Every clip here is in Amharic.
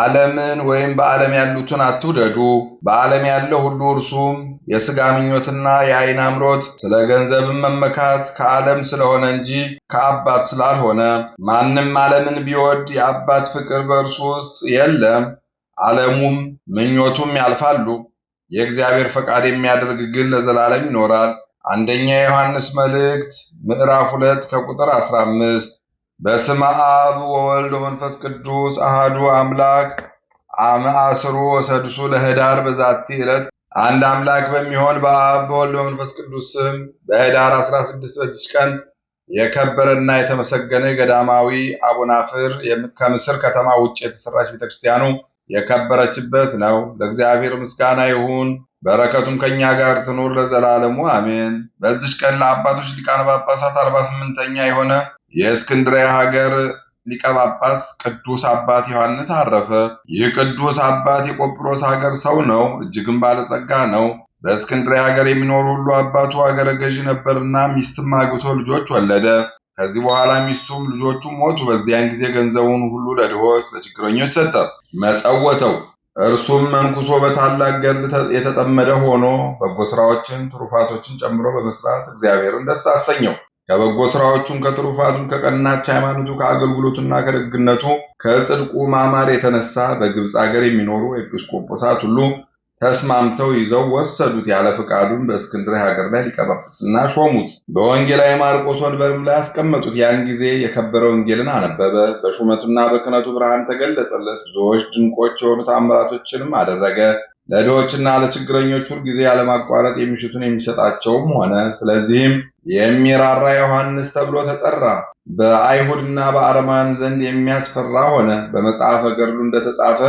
ዓለምን ወይም በዓለም ያሉትን አትውደዱ። በዓለም ያለ ሁሉ እርሱም የሥጋ ምኞትና የዓይን አምሮት፣ ስለ ገንዘብን መመካት ከዓለም ስለሆነ እንጂ ከአባት ስላልሆነ፣ ማንም ዓለምን ቢወድ የአባት ፍቅር በእርሱ ውስጥ የለም። ዓለሙም ምኞቱም ያልፋሉ። የእግዚአብሔር ፈቃድ የሚያደርግ ግን ለዘላለም ይኖራል። አንደኛ የዮሐንስ መልእክት ምዕራፍ ሁለት ከቁጥር አስራ አምስት በስመ አብ ወወልድ ወመንፈስ ቅዱስ አህዱ አምላክ አመ አስሩ ወሰድሱ ለህዳር በዛቲ ዕለት አንድ አምላክ በሚሆን በአብ በወልድ በመንፈስ ቅዱስ ስም በህዳር 16 በዚች ቀን የከበረና የተመሰገነ ገዳማዊ አቡናፍር ከምስር ከተማ ውጭ የተሰራች ቤተክርስቲያኑ የከበረችበት ነው። ለእግዚአብሔር ምስጋና ይሁን፣ በረከቱም ከእኛ ጋር ትኑር ለዘላለሙ አሜን። በዚች ቀን ለአባቶች ሊቃነ ጳጳሳት 48ኛ የሆነ የእስክንድርያ ሀገር ሊቀ ጳጳስ ቅዱስ አባት ዮሐንስ አረፈ። ይህ ቅዱስ አባት የቆጵሮስ ሀገር ሰው ነው፣ እጅግም ባለጸጋ ነው። በእስክንድርያ ሀገር የሚኖሩ ሁሉ አባቱ አገረ ገዢ ነበርና ሚስትም አግብቶ ልጆች ወለደ። ከዚህ በኋላ ሚስቱም ልጆቹ ሞቱ። በዚያን ጊዜ ገንዘቡን ሁሉ ለድሆች ለችግረኞች ሰጠ፣ መጸወተው። እርሱም መንኩሶ በታላቅ ገል የተጠመደ ሆኖ በጎ ሥራዎችን ትሩፋቶችን ጨምሮ በመስራት እግዚአብሔርን ደስ አሰኘው። ከበጎ ሥራዎቹም ከትሩፋቱም ከቀናች ሃይማኖቱ ከአገልግሎቱና ከደግነቱ ከጽድቁ ማማር የተነሳ በግብፅ አገር የሚኖሩ ኤጲስቆጶሳት ሁሉ ተስማምተው ይዘው ወሰዱት። ያለ ፈቃዱን በእስክንድርያ ሀገር ላይ ሊቀ ሾሙት። በወንጌላዊ ማርቆስ ወንበርም ላይ አስቀመጡት። ያን ጊዜ የከበረ ወንጌልን አነበበ። በሹመቱና በክህነቱ ብርሃን ተገለጸለት። ብዙዎች ድንቆች የሆኑ ተአምራቶችንም አደረገ። ለድሆችና ለችግረኞች ጊዜ ያለማቋረጥ የሚሹትን የሚሰጣቸውም ሆነ። ስለዚህም የሚራራ ዮሐንስ ተብሎ ተጠራ። በአይሁድና በአረማውያን ዘንድ የሚያስፈራ ሆነ። በመጽሐፈ ገድሉ እንደተጻፈ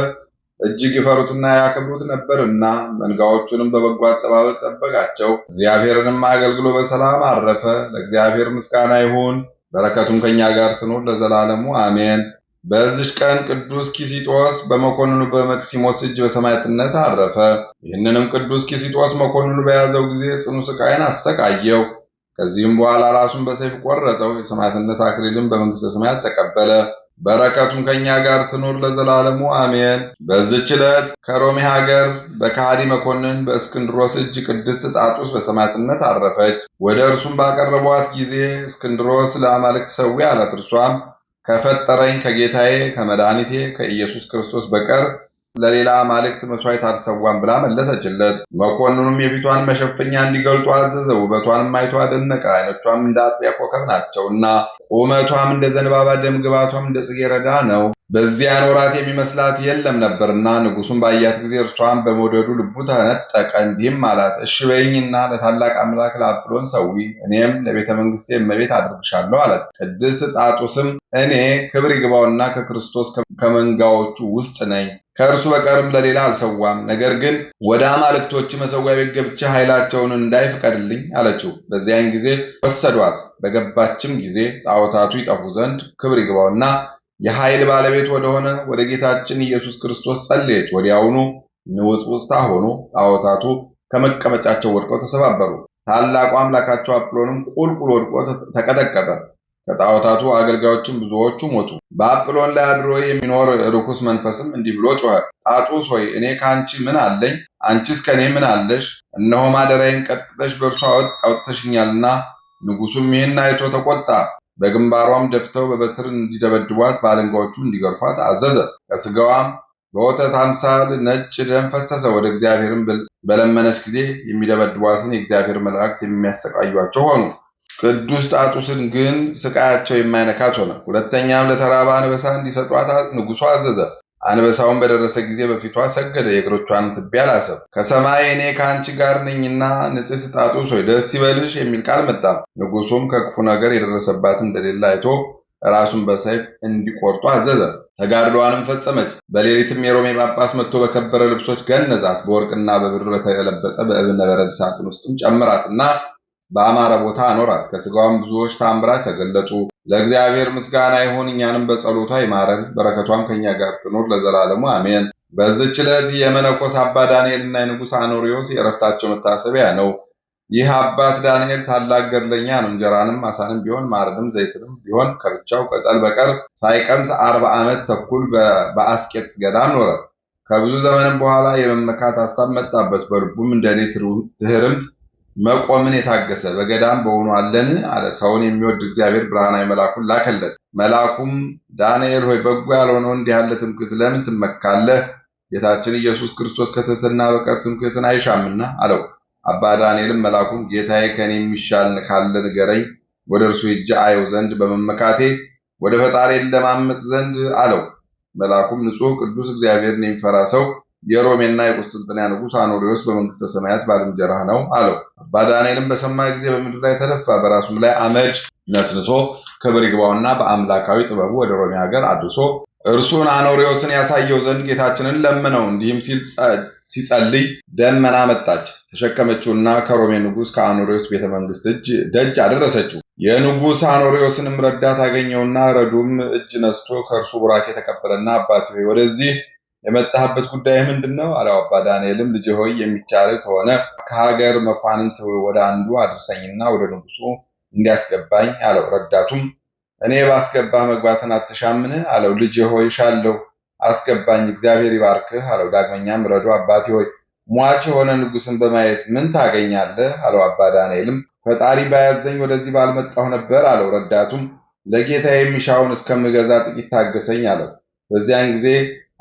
እጅግ ይፈሩትና ያከብሩት ነበርና መንጋዎቹንም በበጎ አጠባበቅ ጠበቃቸው። እግዚአብሔርንም አገልግሎ በሰላም አረፈ። ለእግዚአብሔር ምስጋና ይሁን፣ በረከቱም ከእኛ ጋር ትኑር ለዘላለሙ አሜን። በዚች ቀን ቅዱስ ኪሲጦስ በመኮንኑ በመክሲሞስ እጅ በሰማዕትነት አረፈ። ይህንንም ቅዱስ ኪሲጦስ መኮንኑ በያዘው ጊዜ ጽኑ ስቃይን አሰቃየው። ከዚህም በኋላ ራሱን በሰይፍ ቆረጠው። የሰማዕትነት አክሊልን በመንግሥተ ሰማያት ተቀበለ። በረከቱም ከእኛ ጋር ትኑር ለዘላለሙ አሜን። በዚች ዕለት ከሮሜ ሀገር በካሃዲ መኮንን በእስክንድሮስ እጅ ቅድስት ጣጡስ በሰማዕትነት አረፈች። ወደ እርሱም ባቀረቧት ጊዜ እስክንድሮስ ለአማልክት ሰዊ አላት። እርሷም ከፈጠረኝ ከጌታዬ ከመድኃኒቴ ከኢየሱስ ክርስቶስ በቀር ለሌላ አማልክት መስዋዕት አልሰዋም ብላ መለሰችለት። መኮንኑም የፊቷን መሸፈኛ እንዲገልጡ አዘዘ። ውበቷንም አይቶ አደነቀ። ዓይኖቿም እንደ አጥቢያ ኮከብ ናቸውና ቁመቷም እንደ ዘንባባ ደም ግባቷም እንደ ጽጌረዳ ነው። በዚያን ወራት የሚመስላት የለም ነበርና ንጉሱን ባያት ጊዜ እርሷን በመውደዱ ልቡ ተነጠቀ። እንዲህም አላት፣ እሺ በይኝና ለታላቅ አምላክ ለአጵሎን ሰዊ፣ እኔም ለቤተ መንግስቴ እመቤት አድርግሻለሁ አላት። ቅድስት ጣጡስም እኔ ክብር ይግባውና ከክርስቶስ ከመንጋዎቹ ውስጥ ነኝ ከእርሱ በቀርም ለሌላ አልሰዋም። ነገር ግን ወደ አማልክቶች መሰዊያ ቤት ገብቼ ኃይላቸውን እንዳይፍቀድልኝ አለችው። በዚያን ጊዜ ወሰዷት። በገባችም ጊዜ ጣዖታቱ ይጠፉ ዘንድ ክብር ይግባውና የኃይል ባለቤት ወደሆነ ወደ ጌታችን ኢየሱስ ክርስቶስ ጸለየች። ወዲያውኑ ንውጽውጽታ ሆኖ ጣዖታቱ ከመቀመጫቸው ወድቀው ተሰባበሩ። ታላቁ አምላካቸው አጵሎንም ቁልቁል ወድቆ ተቀጠቀጠ። ከጣዖታቱ አገልጋዮችም ብዙዎቹ ሞቱ። በአጵሎን ላይ አድሮ የሚኖር ርኩስ መንፈስም እንዲህ ብሎ ጮኸ። ጣጡስ ሆይ እኔ ከአንቺ ምን አለኝ? አንቺስ ከእኔ ምን አለሽ? እነሆ ማደሪያዬን ቀጥቅጠሽ በእርሷ አውጥተሽኛልና። ንጉሱም ይህን አይቶ ተቆጣ። በግንባሯም ደፍተው በበትር እንዲደበድቧት በአለንጋዎቹ እንዲገርፏት አዘዘ። ከስጋዋም በወተት አምሳል ነጭ ደም ፈሰሰ። ወደ እግዚአብሔርም በለመነች ጊዜ የሚደበድቧትን የእግዚአብሔር መላእክት የሚያሰቃዩቸው ሆኑ። ቅዱስ ጣጡስን ግን ስቃያቸው የማይነካት ሆነ። ሁለተኛም ለተራባ አንበሳ እንዲሰጧት ንጉሡ አዘዘ። አንበሳውን በደረሰ ጊዜ በፊቷ ሰገደ፣ የእግሮቿን ትቢያ ላሰብ። ከሰማይ እኔ ከአንቺ ጋር ነኝና ንጽሕት ጣጡስ ሆይ ደስ ይበልሽ የሚል ቃል መጣ። ንጉሱም ከክፉ ነገር የደረሰባት እንደሌለ አይቶ ራሱን በሰይፍ እንዲቆርጡ አዘዘ። ተጋድሏንም ፈጸመች። በሌሊትም የሮሜ ጳጳስ መጥቶ በከበረ ልብሶች ገነዛት፣ በወርቅና በብር በተለበጠ በእብነ በረድ ሳጥን ውስጥም ጨምራትና በአማረ ቦታ አኖራት። ከስጋዋም ብዙዎች ታምራት ተገለጡ። ለእግዚአብሔር ምስጋና ይሁን፣ እኛንም በጸሎቷ ይማረን፣ በረከቷም ከእኛ ጋር ትኑር ለዘላለሙ አሜን። በዚች ዕለት የመነኮስ አባ እና የንጉሥ አኖሪዎስ የእረፍታቸው መታሰቢያ ነው። ይህ አባት ዳንኤል ታላቅ ገድለኛ ነው። እንጀራንም አሳንም ቢሆን ማርንም ዘይትንም ቢሆን ከብቻው ቅጠል በቀር ሳይቀምስ አርባ ዓመት ተኩል በአስቄጥስ ገዳም ኖረ። ከብዙ ዘመንም በኋላ የመመካት ሀሳብ መጣበት። በልቡም እንደኔ ትህርምት መቆምን የታገሰ በገዳም በሆኑ አለን አለ። ሰውን የሚወድ እግዚአብሔር ብርሃናዊ መልአኩን ላከለት። መልአኩም ዳንኤል ሆይ በጎ ያልሆነው እንዲህ ያለ ትምክህት ለምን ትመካለህ? ጌታችን ኢየሱስ ክርስቶስ ከትህትና በቀር ትምክህትን አይሻምና አለው። አባ ዳንኤልም መልአኩም ጌታዬ ከኔ የሚሻል ካለ ንገረኝ፣ ወደ እርሱ ሄጄ አየው ዘንድ በመመካቴ ወደ ፈጣሪ ለማመጥ ዘንድ አለው። መልአኩም ንጹሕ ቅዱስ እግዚአብሔርን የሚፈራ ሰው የሮሜና የቁስጥንጥንያ ንጉሥ አኖሪዎስ በመንግሥተ ሰማያት ባልንጀራህ ነው አለው። አባ ዳንኤልም በሰማ ጊዜ በምድር ላይ ተደፋ፣ በራሱም ላይ አመድ ነስንሶ ክብር ይግባውና በአምላካዊ ጥበቡ ወደ ሮሜ ሀገር አድርሶ እርሱን አኖሪዎስን ያሳየው ዘንድ ጌታችንን ለምነው። እንዲህም ሲጸልይ ደመና መጣች፣ ተሸከመችውና ከሮሜ ንጉሥ ከአኖሪዎስ ቤተ መንግሥት እጅ ደጅ አደረሰችው። የንጉሥ አኖሪዎስንም ረዳት አገኘውና ረዱም እጅ ነስቶ ከእርሱ ቡራኬ የተቀበለና አባት ወደዚህ የመጣህበት ጉዳይ ምንድን ነው አለው። አባ ዳንኤልም ልጅ ሆይ የሚቻልህ ከሆነ ከሀገር መኳንንት ወደ አንዱ አድርሰኝና ወደ ንጉሱ እንዲያስገባኝ አለው። ረዳቱም እኔ ባስገባ መግባትን አትሻምን አለው። ልጅ ሆይ ሻለሁ፣ አስገባኝ፣ እግዚአብሔር ይባርክህ አለው። ዳግመኛም ረዶ አባቴ ሆይ ሟች የሆነ ንጉስን በማየት ምን ታገኛለህ አለው። አባ ዳንኤልም ፈጣሪ ባያዘኝ ወደዚህ ባልመጣሁ ነበር አለው። ረዳቱም ለጌታ የሚሻውን እስከምገዛ ጥቂት ታገሰኝ አለው። በዚያን ጊዜ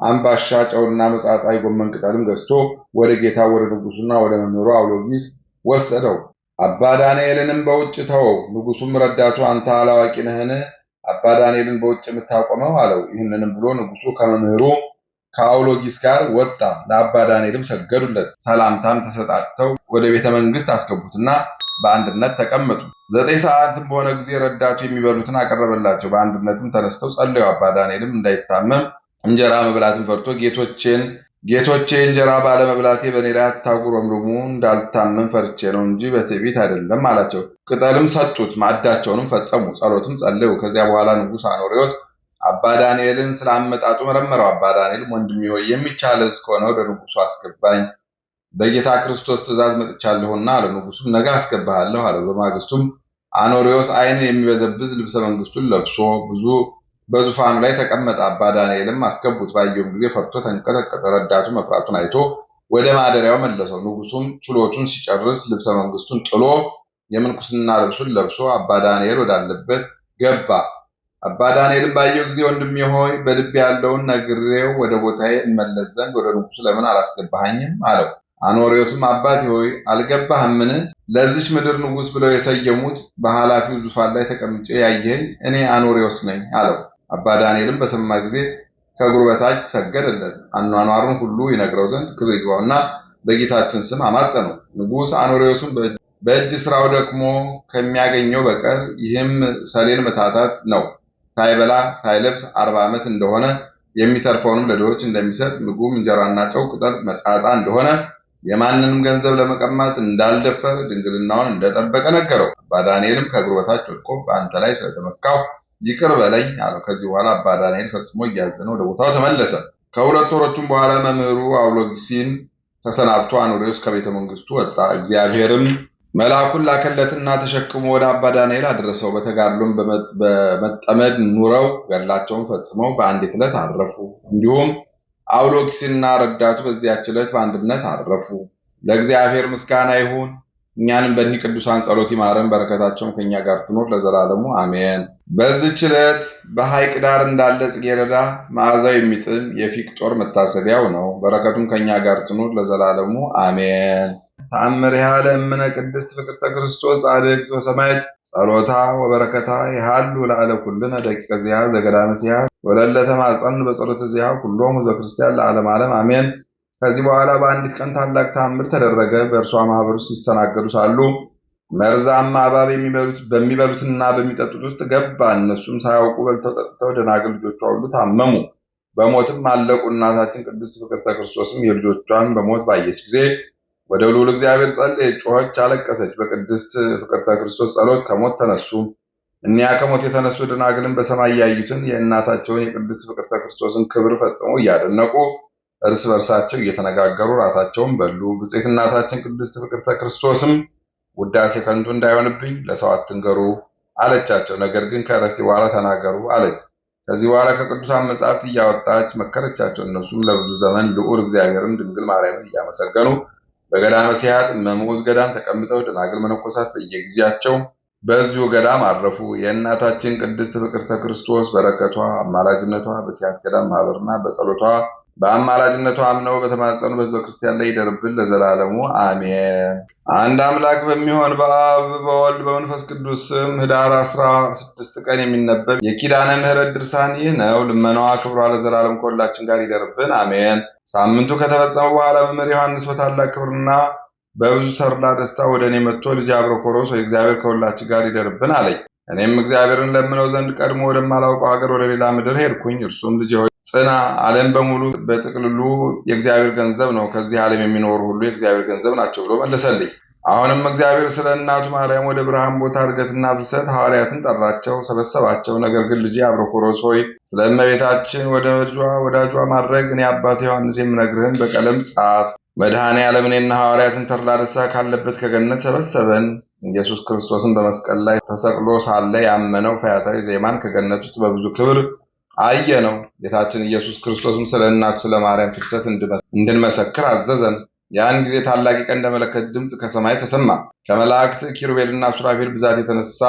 አምባሻ፣ ጨውና መጻጻይ ጎመን ቅጠልም ገዝቶ ወደ ጌታ ወደ ንጉሱና ወደ መምህሩ አውሎጊስ ወሰደው። አባ ዳንኤልንም በውጭ ተወው። ንጉሱም ረዳቱ አንተ አላዋቂ ነህን? አባ ዳንኤልን በውጭ የምታቆመው አለው። ይህንንም ብሎ ንጉሱ ከመምህሩ ከአውሎጊስ ጋር ወጣ። ለአባ ዳንኤልም ሰገዱለት። ሰላምታም ተሰጣጥተው ወደ ቤተ መንግስት አስገቡትና በአንድነት ተቀመጡ። ዘጠኝ ሰዓትም በሆነ ጊዜ ረዳቱ የሚበሉትን አቀረበላቸው። በአንድነትም ተነስተው ጸለዩ። አባ ዳንኤልም እንዳይታመም እንጀራ መብላትን ፈርቶ ጌቶቼን ጌቶቼ እንጀራ ባለመብላቴ በእኔ ላይ አታጉረምርሙ እንዳልታመም ፈርቼ ነው እንጂ በትዕቢት አይደለም አላቸው። ቅጠልም ሰጡት፣ ማዕዳቸውንም ፈጸሙ፣ ጸሎትም ጸለዩ። ከዚያ በኋላ ንጉሥ አኖሪዎስ አባ ዳንኤልን ስለ አመጣጡ መረመረው። አባ ዳንኤልም ወንድሜ ሆይ የሚቻለ እስከሆነ ወደ ንጉሱ አስገባኝ፣ በጌታ ክርስቶስ ትእዛዝ መጥቻለሁና አለ። ንጉሱም ነገ አስገባሃለሁ አለ። በማግስቱም አኖሪዎስ አይን የሚበዘብዝ ልብሰ መንግስቱን ለብሶ ብዙ በዙፋኑ ላይ ተቀመጠ። አባ ዳንኤልም አስገቡት። ባየውም ጊዜ ፈርቶ ተንቀጠቀጠ። ረዳቱ መፍራቱን አይቶ ወደ ማደሪያው መለሰው። ንጉሱም ችሎቱን ሲጨርስ ልብሰ መንግስቱን ጥሎ የምንኩስና ልብሱን ለብሶ አባ ዳንኤል ወዳለበት ገባ። አባ ዳንኤልም ባየው ጊዜ ወንድሜ ሆይ በልብ ያለውን ነግሬው ወደ ቦታዬ እመለስ ዘንድ ወደ ንጉሱ ለምን አላስገባኸኝም? አለው። አኖሪዎስም አባቴ ሆይ አልገባህምን? ለዚች ምድር ንጉስ ብለው የሰየሙት በኃላፊው ዙፋን ላይ ተቀምጬ ያየኝ እኔ አኖሪዎስ ነኝ አለው። አባ ዳንኤልም በሰማ ጊዜ ከእግሩ በታች ሰገደለት። አኗኗሩን ሁሉ ይነግረው ዘንድ ክብር ይግባውና በጌታችን ስም አማጸነው። ንጉሥ አኖሬዎስም በእጅ ስራው ደክሞ ከሚያገኘው በቀር ይህም ሰሌን መታታት ነው። ሳይበላ ሳይለብስ አርባ ዓመት እንደሆነ የሚተርፈውንም ለድሆች እንደሚሰጥ ምግቡም እንጀራና ጨው ቅጠል መጻጻ እንደሆነ የማንንም ገንዘብ ለመቀማት እንዳልደፈር ድንግልናውን እንደጠበቀ ነገረው። አባ ዳንኤልም ከእግሩ በታች ወድቆ በአንተ ላይ ስለተመካሁ ይቅር በለኝ አለው። ከዚህ በኋላ አባ ዳንኤል ፈጽሞ እያዘነ ወደ ቦታው ተመለሰ። ከሁለት ወሮቹም በኋላ መምህሩ አውሎጊሲን ተሰናብቶ አኖሬዎስ ከቤተ መንግስቱ ወጣ። እግዚአብሔርም መልአኩን ላከለትና ተሸክሞ ወደ አባ ዳንኤል አደረሰው። በተጋድሎም በመጠመድ ኑረው ገድላቸውን ፈጽመው በአንዲት ዕለት አረፉ። እንዲሁም አውሎጊስና ረዳቱ በዚያች ዕለት በአንድነት አረፉ። ለእግዚአብሔር ምስጋና ይሁን። እኛንም በእኒ ቅዱሳን ጸሎት ይማረን፣ በረከታቸውም ከእኛ ጋር ትኖር ለዘላለሙ አሜን። በዚች ዕለት በሐይቅ ዳር እንዳለ ጽጌረዳ መዓዛው የሚጥም የፊቅ ጦር መታሰቢያው ነው። በረከቱም ከእኛ ጋር ትኖር ለዘላለሙ አሜን። ተአምር ተአምሪሃ እምነ ቅድስት ፍቅርተ ክርስቶስ ጻድቅት ሰማይት ጸሎታ ወበረከታ ይሃሉ ለዓለ ኩልነ ደቂቀ ዚያ ዘገዳመ ሲያ ወለለ ተማጸኑ በጸሎተ ዚሃ ኩሎሙ ዘክርስቲያን ለዓለም ዓለም አሜን ከዚህ በኋላ በአንዲት ቀን ታላቅ ተአምር ተደረገ። በእርሷ ማህበር ውስጥ ሲስተናገዱ ሳሉ መርዛማ እባብ በሚበሉትና በሚጠጡት ውስጥ ገባ። እነሱም ሳያውቁ በልተው ጠጥተው ደናግል ልጆቿ ሁሉ ታመሙ፣ በሞትም አለቁ። እናታችን ቅድስት ፍቅርተ ክርስቶስም የልጆቿን በሞት ባየች ጊዜ ወደ ልዑል እግዚአብሔር ጸለየች፣ ጮኸች፣ አለቀሰች። በቅድስት ፍቅርተ ክርስቶስ ጸሎት ከሞት ተነሱ። እኒያ ከሞት የተነሱ ደናግልን በሰማይ ያዩትን የእናታቸውን የቅድስት ፍቅርተ ክርስቶስን ክብር ፈጽሞ እያደነቁ እርስ በርሳቸው እየተነጋገሩ ራታቸውን በሉ። ብጽዕት እናታችን ቅድስት ፍቅርተ ክርስቶስም ውዳሴ ከንቱ እንዳይሆንብኝ ለሰው አትንገሩ አለቻቸው። ነገር ግን ከእረፍቴ በኋላ ተናገሩ አለች። ከዚህ በኋላ ከቅዱሳን መጻሕፍት እያወጣች መከረቻቸው። እነሱም ለብዙ ዘመን ልዑል እግዚአብሔርን ድንግል ማርያምን እያመሰገኑ በገዳመ ሲያጥ መምዝ ገዳም ተቀምጠው ደናግል መነኮሳት በየጊዜያቸው በዚሁ ገዳም አረፉ። የእናታችን ቅድስት ፍቅርተ ክርስቶስ በረከቷ አማላጅነቷ በሲያት ገዳም ማህበርና በጸሎቷ በአማላጅነቱ አምነው በተማጸኑ በሕዝበ ክርስቲያን ላይ ይደርብን ለዘላለሙ አሜን። አንድ አምላክ በሚሆን በአብ በወልድ በመንፈስ ቅዱስ ስም ህዳር አስራ ስድስት ቀን የሚነበብ የኪዳነ ምሕረት ድርሳን ይህ ነው። ልመናዋ ክብሯ ለዘላለም ከሁላችን ጋር ይደርብን አሜን። ሳምንቱ ከተፈጸመ በኋላ መምህር ዮሐንስ በታላቅ ክብርና በብዙ ተድላ ደስታ ወደ እኔ መጥቶ ልጅ አብሮኮሮስ ወይ እግዚአብሔር ከሁላችን ጋር ይደርብን አለኝ። እኔም እግዚአብሔርን ለምነው ዘንድ ቀድሞ ወደማላውቀው ሀገር ወደ ሌላ ምድር ሄድኩኝ። እርሱም ልጅ ጽና። ዓለም በሙሉ በጥቅልሉ የእግዚአብሔር ገንዘብ ነው፣ ከዚህ ዓለም የሚኖሩ ሁሉ የእግዚአብሔር ገንዘብ ናቸው ብሎ መለሰልኝ። አሁንም እግዚአብሔር ስለ እናቱ ማርያም ወደ ብርሃን ቦታ እርገትና ብሰት ሐዋርያትን ጠራቸው፣ ሰበሰባቸው። ነገር ግን ልጄ አብሮኮሮስ ሆይ ስለ እመቤታችን ወደ ልጇ ወዳጇ ማድረግ እኔ አባት ዮሐንስ የምነግርህን በቀለም ጻፍ። መድኃኔ ዓለምንና ሐዋርያትን ተርላደሳ ካለበት ከገነት ሰበሰበን። ኢየሱስ ክርስቶስን በመስቀል ላይ ተሰቅሎ ሳለ ያመነው ፈያታዊ ዜማን ከገነት ውስጥ በብዙ ክብር አየነው። ጌታችን ኢየሱስ ክርስቶስም ስለ እናቱ ስለ ማርያም ፍልሰት እንድንመሰክር አዘዘን። ያን ጊዜ ታላቅ የቀንደ መለከት ድምፅ ከሰማይ ተሰማ። ከመላእክት ኪሩቤልና ሱራፌል ብዛት የተነሳ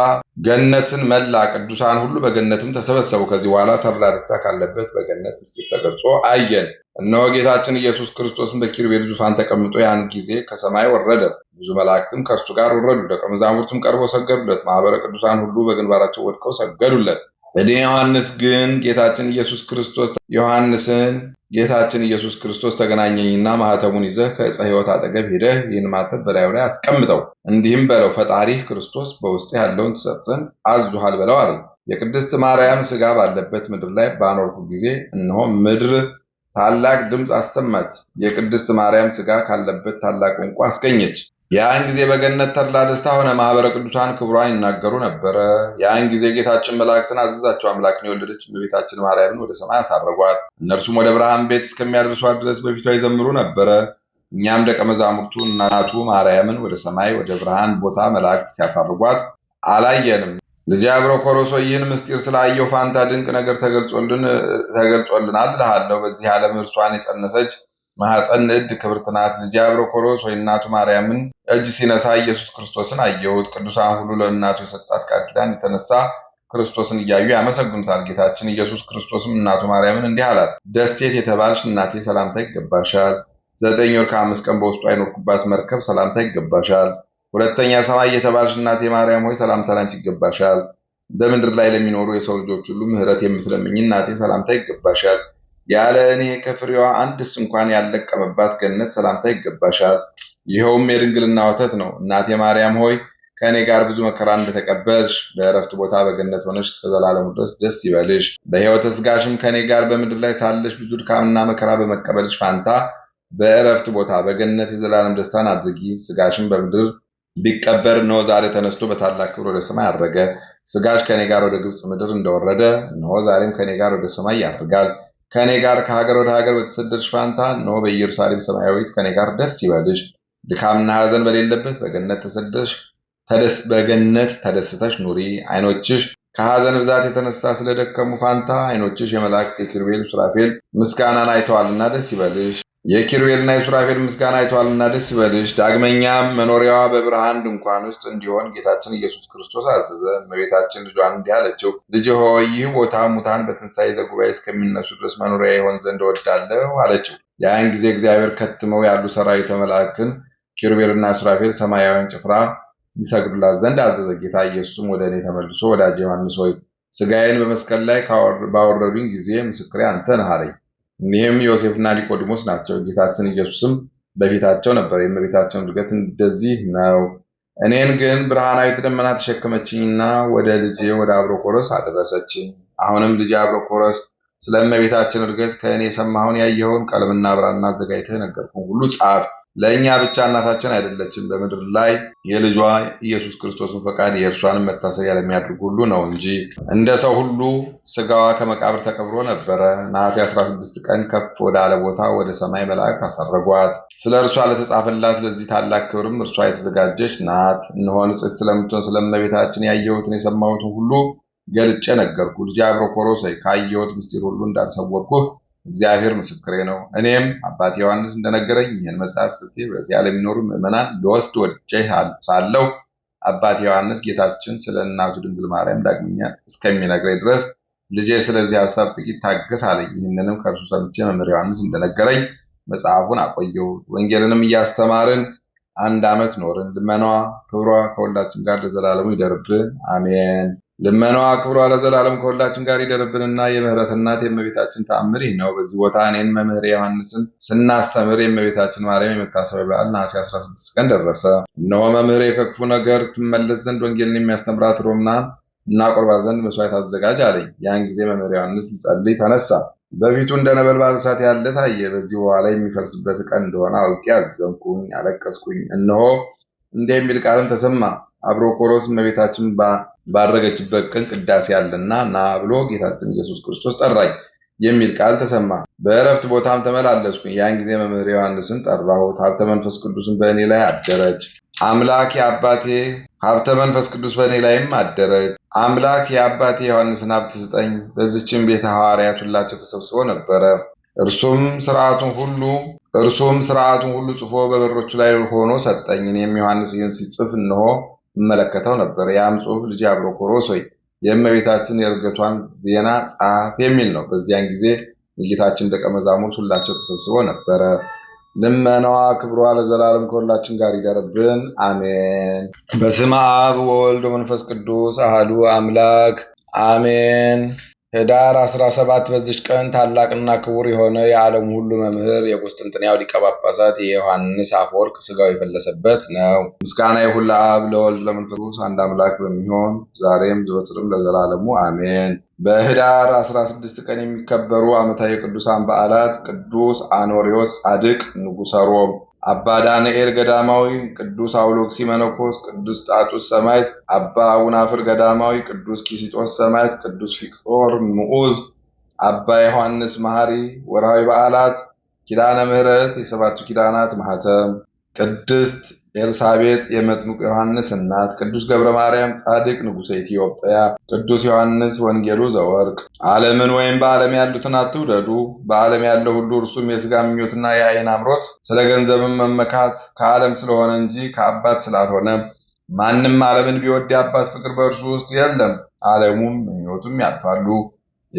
ገነትን መላ። ቅዱሳን ሁሉ በገነትም ተሰበሰቡ። ከዚህ በኋላ ተድላ ደስታ ካለበት በገነት ምስጢር ተገልጾ አየን። እነሆ ጌታችን ኢየሱስ ክርስቶስም በኪሩቤል ዙፋን ተቀምጦ ያን ጊዜ ከሰማይ ወረደ። ብዙ መላእክትም ከእርሱ ጋር ወረዱ። ደቀ መዛሙርቱም ቀርቦ ሰገዱለት። ማኅበረ ቅዱሳን ሁሉ በግንባራቸው ወድቀው ሰገዱለት። እኔ ዮሐንስ ግን ጌታችን ኢየሱስ ክርስቶስ ዮሐንስን ጌታችን ኢየሱስ ክርስቶስ ተገናኘኝና ማኅተሙን ይዘህ ከዕፀ ሕይወት አጠገብ ሄደህ ይህን ማኅተም በላዩ ላይ አስቀምጠው፣ እንዲህም በለው ፈጣሪህ ክርስቶስ በውስጥ ያለውን ትሰጥ ዘንድ አዝዞሃል በለው አለ። የቅድስት ማርያም ሥጋ ባለበት ምድር ላይ ባኖርኩ ጊዜ እነሆ ምድር ታላቅ ድምፅ አሰማች፣ የቅድስት ማርያም ሥጋ ካለበት ታላቅ ዕንቁ አስገኘች። ያን ጊዜ በገነት ተድላ ደስታ ሆነ። ማህበረ ቅዱሳን ክብሯን ይናገሩ ነበረ። ያን ጊዜ ጌታችን መላእክትን አዘዛቸው። አምላክን የወለደች እመቤታችን ማርያምን ወደ ሰማይ አሳረጓት። እነርሱም ወደ ብርሃን ቤት እስከሚያደርሷት ድረስ በፊቷ ይዘምሩ ነበረ። እኛም ደቀ መዛሙርቱ እናቱ ማርያምን ወደ ሰማይ ወደ ብርሃን ቦታ መላእክት ሲያሳርጓት አላየንም። ልጅ አብረ ኮሮሶ ይህን ምስጢር ስላየው ፋንታ ድንቅ ነገር ተገልጾልናል እልሃለሁ። በዚህ ዓለም እርሷን የጸነሰች ማህፀን ንድ ክብርት ናት። ልጄ አብሮኮሮስ ወይ እናቱ ማርያምን እጅ ሲነሳ ኢየሱስ ክርስቶስን አየሁት። ቅዱሳን ሁሉ ለእናቱ የሰጣት ቃል ኪዳን የተነሳ ክርስቶስን እያዩ ያመሰግኑታል። ጌታችን ኢየሱስ ክርስቶስም እናቱ ማርያምን እንዲህ አላት፣ ደሴት የተባልሽ እናቴ ሰላምታ ይገባሻል። ዘጠኝ ወር ከአምስት ቀን በውስጡ አይኖርኩባት መርከብ ሰላምታ ይገባሻል። ሁለተኛ ሰማይ የተባልሽ እናቴ ማርያም ሆይ ሰላምታ ላንቺ ይገባሻል። በምድር ላይ ለሚኖሩ የሰው ልጆች ሁሉ ምሕረት የምትለምኝ እናቴ ሰላምታ ይገባሻል። ያለ እኔ ከፍሬዋ አንድስ እንኳን ያልለቀመባት ገነት ሰላምታ ይገባሻል። ይኸውም የድንግልና ወተት ነው። እናቴ ማርያም ሆይ ከእኔ ጋር ብዙ መከራ እንደተቀበልሽ በእረፍት ቦታ በገነት ሆነሽ እስከ ዘላለሙ ድረስ ደስ ይበልሽ። በሕይወተ ሥጋሽም ከእኔ ጋር በምድር ላይ ሳለሽ ብዙ ድካምና መከራ በመቀበልሽ ፋንታ በእረፍት ቦታ በገነት የዘላለም ደስታን አድርጊ። ሥጋሽም በምድር ቢቀበር እነሆ ዛሬ ተነስቶ በታላቅ ክብር ወደ ሰማይ አረገ። ሥጋሽ ከእኔ ጋር ወደ ግብፅ ምድር እንደወረደ እነሆ ዛሬም ከእኔ ጋር ወደ ሰማይ ያደርጋል። ከእኔ ጋር ከሀገር ወደ ሀገር በተሰደድሽ ፋንታ እነሆ በኢየሩሳሌም ሰማያዊት ከእኔ ጋር ደስ ይበልሽ፣ ድካምና ሐዘን በሌለበት በገነት ተሰደሽ በገነት ተደስተሽ ኑሪ። አይኖችሽ ከሐዘን ብዛት የተነሳ ስለደከሙ ፋንታ አይኖችሽ የመላእክት የኪሩቤል ሱራፌል ምስጋናን አይተዋልና ደስ ይበልሽ። የኪሩቤልና የሱራፌል ምስጋና አይተዋልና ደስ ይበልሽ። ዳግመኛም መኖሪያዋ በብርሃን ድንኳን ውስጥ እንዲሆን ጌታችን ኢየሱስ ክርስቶስ አዘዘ። እመቤታችን ልጇን እንዲህ አለችው፣ ልጅ ሆይ ይህ ቦታ ሙታን በትንሣኤ ዘጉባኤ እስከሚነሱ ድረስ መኖሪያ ይሆን ዘንድ እወዳለሁ አለችው። ያን ጊዜ እግዚአብሔር ከትመው ያሉ ሰራዊተ መላእክትን ኪሩቤልና ሱራፌል ሰማያዊን ጭፍራ ይሰግዱላት ዘንድ አዘዘ። ጌታ ኢየሱስም ወደ እኔ ተመልሶ ወዳጅ ዮሐንስ ሆይ ስጋዬን በመስቀል ላይ ባወረዱኝ ጊዜ ምስክሬ አንተ ነህ አለኝ። ይህም ዮሴፍና ኒቆዲሞስ ናቸው። ጌታችን ኢየሱስም በፊታቸው ነበር። የእመቤታችን እድገት እንደዚህ ነው። እኔን ግን ብርሃናዊት ደመና ተሸከመችኝና ወደ ልጄ ወደ አብሮኮረስ አደረሰችኝ። አሁንም ልጄ አብሮኮረስ ስለ እመቤታችን ከእኔ የሰማኸውን ያየኸውን ቀለምና ብራና አዘጋጅተህ ነገርኩህን ሁሉ ጻፍ ለእኛ ብቻ እናታችን አይደለችም፣ በምድር ላይ የልጇ ኢየሱስ ክርስቶስን ፈቃድ የእርሷንም መታሰቢያ ለሚያደርጉ ሁሉ ነው እንጂ። እንደ ሰው ሁሉ ስጋዋ ከመቃብር ተቀብሮ ነበረ። ነሐሴ 16 ቀን ከፍ ወደ አለ ቦታ ወደ ሰማይ መላእክት አሳረጓት። ስለ እርሷ ለተጻፈላት ለዚህ ታላቅ ክብርም እርሷ የተዘጋጀች ናት። እነሆ ንጽሕት ስለምትሆን ስለመቤታችን ያየሁትን የሰማሁትን ሁሉ ገልጬ ነገርኩ። ልጄ አብሮኮሮስ ካየሁት ምስጢር ሁሉ እንዳልሰወርኩህ እግዚአብሔር ምስክሬ ነው። እኔም አባት ዮሐንስ እንደነገረኝ ይህን መጽሐፍ ጽፌ ዓለም የሚኖሩ ምዕመናን ልወስድ ወድጄ ሳለው። አባት ዮሐንስ ጌታችን ስለ እናቱ ድንግል ማርያም ዳግመኛ እስከሚነግረኝ ድረስ ልጄ ስለዚህ ሀሳብ ጥቂት ታገስ አለኝ። ይህንንም ከእርሱ ሰምቼ መምህር ዮሐንስ እንደነገረኝ መጽሐፉን አቆየሁት። ወንጌልንም እያስተማርን አንድ ዓመት ኖርን። ልመኗ ክብሯ ከሁላችን ጋር ለዘላለሙ ይደርብን፣ አሜን። ልመናዋ ክብሯ ለዘላለም ከሁላችን ጋር ይደርብንና የምህረት እናት የእመቤታችን ተአምር ይህ ነው። በዚህ ቦታ እኔን መምህር ዮሐንስን ስናስተምር የእመቤታችን ማርያም የመታሰቢያ በዓል ነሐሴ 16 ቀን ደረሰ። እነሆ መምህር ከክፉ ነገር ትመለስ ዘንድ ወንጌልን የሚያስተምራት ሮምና እናቆርባ ዘንድ መስዋዕት አዘጋጅ አለኝ። ያን ጊዜ መምህር ዮሐንስ ሊጸልይ ተነሳ። በፊቱ እንደ ነበልባል እሳት ያለ ታየ። በዚህ በኋላ የሚፈርስበት ቀን እንደሆነ አውቄ አዘንኩኝ፣ አለቀስኩኝ። እነሆ እንዲህ የሚል ቃልም ተሰማ አብሮኮሮስ እመቤታችን ባረገችበት ቀን ቅዳሴ አለና ና ብሎ ጌታችን ኢየሱስ ክርስቶስ ጠራኝ የሚል ቃል ተሰማ። በእረፍት ቦታም ተመላለስኩኝ። ያን ጊዜ መምህር ዮሐንስን ጠራሁት። ሀብተ መንፈስ ቅዱስን በእኔ ላይ አደረች። አምላክ የአባቴ ሀብተ መንፈስ ቅዱስ በእኔ ላይም አደረች። አምላክ የአባቴ ዮሐንስን ሀብት ስጠኝ። በዚችም ቤተ ሐዋርያት ሁላቸው ተሰብስበው ነበረ። እርሱም ስርዓቱን ሁሉ እርሱም ስርዓቱን ሁሉ ጽፎ በበሮቹ ላይ ሆኖ ሰጠኝ። እኔም ዮሐንስ ይህን ሲጽፍ እንሆ እመለከተው ነበር። ያም ጽሑፍ አብሮ ኮሮስ ወይ የእመቤታችን የእርገቷን ዜና ጻፍ የሚል ነው። በዚያን ጊዜ የጌታችን ደቀ መዛሙርት ሁላቸው ተሰብስበው ነበረ። ልመናዋ ክብሯ ለዘላለም ከሁላችን ጋር ይደርብን፣ አሜን። በስመ አብ ወወልድ ወመንፈስ ቅዱስ አህዱ አምላክ አሜን። ህዳር 17 በዚች ቀን ታላቅና ክቡር የሆነ የዓለም ሁሉ መምህር የቁስጥንጥንያው ሊቀ ጳጳሳት የዮሐንስ አፈወርቅ ስጋው የፈለሰበት ነው። ምስጋና ይሁን ለአብ ለወልድ ለመንፈስ ቅዱስ አንድ አምላክ በሚሆን ዛሬም ዘወትርም ለዘላለሙ አሜን። በህዳር 16 ቀን የሚከበሩ ዓመታዊ ቅዱሳን በዓላት ቅዱስ አኖሪዎስ ጻድቅ ንጉሠ ሮም አባ ዳንኤል ገዳማዊ፣ ቅዱስ አውሎክሲ መነኮስ፣ ቅዱስ ጣጡስ ሰማዕት፣ አባ አቡናፍር ገዳማዊ፣ ቅዱስ ኪሲጦስ ሰማዕት፣ ቅዱስ ፊቅጦር ምዑዝ፣ አባ ዮሐንስ መሐሪ። ወርሃዊ በዓላት ኪዳነ ምሕረት፣ የሰባቱ ኪዳናት ማህተም ቅድስት ኤልሳቤጥ የመጥምቁ ዮሐንስ እናት፣ ቅዱስ ገብረ ማርያም ጻድቅ ንጉሠ ኢትዮጵያ፣ ቅዱስ ዮሐንስ ወንጌሉ ዘወርቅ። ዓለምን ወይም በዓለም ያሉትን አትውደዱ፣ በዓለም ያለው ሁሉ እርሱም የሥጋ ምኞትና የዓይን አምሮት፣ ስለ ገንዘብም መመካት ከዓለም ስለሆነ እንጂ ከአባት ስላልሆነ፣ ማንም ዓለምን ቢወድ የአባት ፍቅር በእርሱ ውስጥ የለም። ዓለሙም ምኞቱም ያልፋሉ፣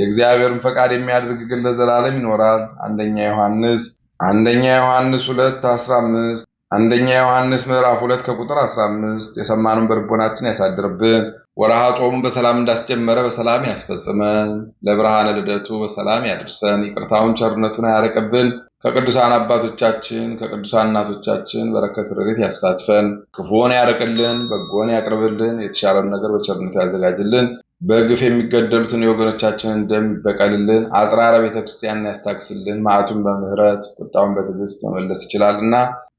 የእግዚአብሔርን ፈቃድ የሚያደርግ ግን ለዘላለም ይኖራል። አንደኛ ዮሐንስ አንደኛ ዮሐንስ ሁለት አስራ አምስት አንደኛ ዮሐንስ ምዕራፍ 2 ከቁጥር 15 የሰማነውን በልቦናችን ያሳድርብን። ወርሃ ጾሙን በሰላም እንዳስጀመረ በሰላም ያስፈጽመን። ለብርሃነ ልደቱ በሰላም ያድርሰን። ይቅርታውን ቸርነቱን አያርቅብን። ከቅዱሳን አባቶቻችን ከቅዱሳን እናቶቻችን በረከት ረድኤት ያሳትፈን። ክፉን ያርቅልን፣ በጎን ያቅርብልን። የተሻለን ነገር በቸርነቱ ያዘጋጅልን። በግፍ የሚገደሉትን የወገኖቻችንን ደም ይበቀልልን። አጽራረ ቤተክርስቲያንን ያስታክስልን። መዓቱን በምህረት ቁጣውን በትዕግስት መመለስ ይችላልና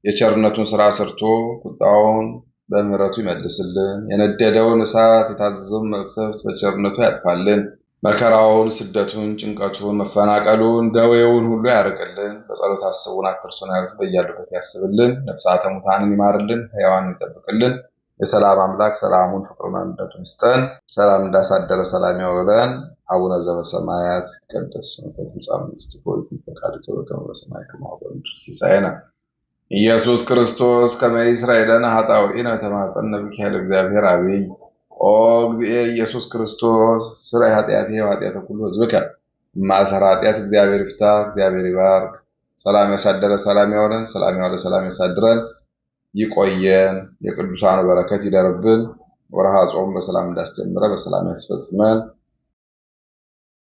የቸርነቱን ሥራ ሰርቶ ቁጣውን በምሕረቱ ይመልስልን። የነደደውን እሳት የታዘዘውን መቅሰፍት በቸርነቱ ያጥፋልን። መከራውን፣ ስደቱን፣ ጭንቀቱን፣ መፈናቀሉን፣ ደዌውን ሁሉ ያርቅልን። በጸሎት አስቡን አትርሱን ያሉት በያሉበት ያስብልን። ነፍሳተ ሙታንን ይማርልን፣ ሕያዋን ይጠብቅልን። የሰላም አምላክ ሰላሙን ፍቅሩን አንድነቱን ይስጠን። ሰላም እንዳሳደረ ሰላም ያውለን። አቡነ ዘበሰማያት ይትቀደስ ስምከ ትምጻእ መንግሥትከ ወይኩን ፈቃድከ በከመ በሰማይ ከማሁ በምድር ሲሳየነ ኢየሱስ ክርስቶስ ከመ ይስራኤለን ኃጣውኢነ ተማጸነብኪ ያለ እግዚአብሔር አብይ ኦ እግዚእየ ኢየሱስ ክርስቶስ ስራይ ኃጢአቴ ኃጢአተ ኩሉ ህዝብከ ማሰራ ኃጢአት እግዚአብሔር ይፍታ፣ እግዚአብሔር ይባርክ። ሰላም ያሳደረ ሰላም ያወረን፣ ሰላም ያዋለ ሰላም ያሳድረን፣ ይቆየን። የቅዱሳኑ በረከት ይደርብን። ወርሃ ጾም በሰላም እንዳስጀምረ በሰላም ያስፈጽመን።